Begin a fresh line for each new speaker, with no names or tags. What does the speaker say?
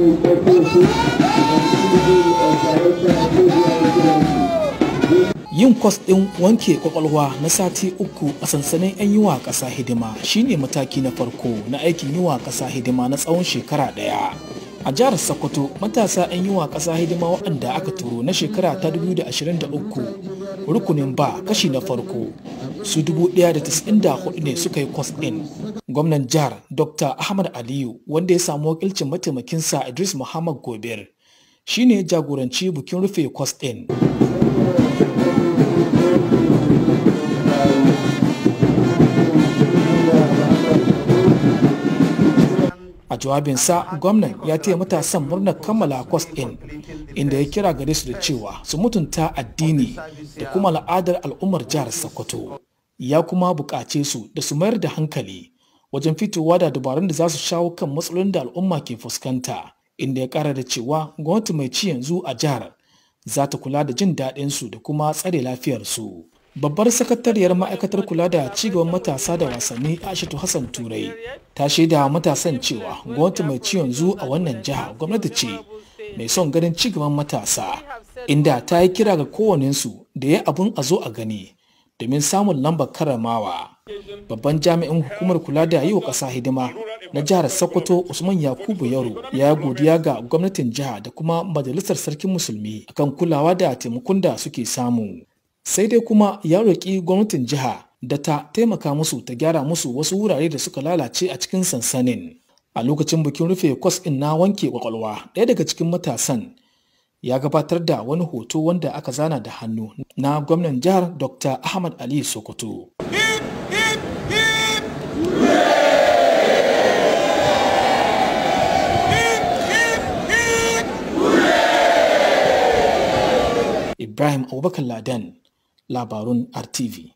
Yin kwas ɗin wanke kwakwalwa na sati uku a sansanin 'yan yiwa ƙasa hidima shine mataki na farko na aikin yiwa ƙasa hidima na tsawon shekara ɗaya. A jihar Sokoto matasa 'yan yi wa ƙasa hidima waɗanda aka turo na shekara ta 2023 rukunin ba kashi na farko su 1,094 ne suka yi kwas ɗin. Gwamnan jihar Dr. Ahmad Aliyu wanda ya samu wakilcin mataimakinsa Idris Muhammad Gobir shi ne jagoranci bukin rufe kwas ɗin. a jawabinsa gwamnan ya taya matasan murnar kammala kwas In, inda ya kira gare su da cewa su mutunta addini da kuma al'adar al'ummar jihar sokoto ya kuma buƙace su da su mayar da hankali wajen fitowa da dabarun da za su shawo kan matsalolin da al'umma ke fuskanta inda ya ƙara da cewa gwamnati mai ci yanzu a jihar za ta kula da jin daɗinsu da kuma tsare lafiyarsu babbar sakatariyar ma'aikatar kula da cigaban matasa da wasanni ashatu hassan turai ta shaida matasan cewa gwamnati mai ci yanzu a wannan jiha gwamnati ce mai son ganin cigaban matasa inda ta yi kira ga kowanensu da ya abun a zo a gani domin samun lambar karamawa babban jami'in hukumar kula da yi wa ƙasa hidima na jihar sokoto usman yakubu yaro ya godiya ga gwamnatin jiha da kuma majalisar sarkin musulmi akan kulawa da taimakon da suke samu sai dai kuma ya roƙi gwamnatin jiha da ta taimaka musu ta gyara musu wasu wurare da suka lalace a cikin sansanin a lokacin bikin rufe kwas ɗin na wanke kwakwalwa ɗaya daga cikin matasan ya gabatar da wani hoto wanda aka zana da hannu na gwamnan jihar dr ahmad ali sokoto ibrahim abubakar laden labarun RTV.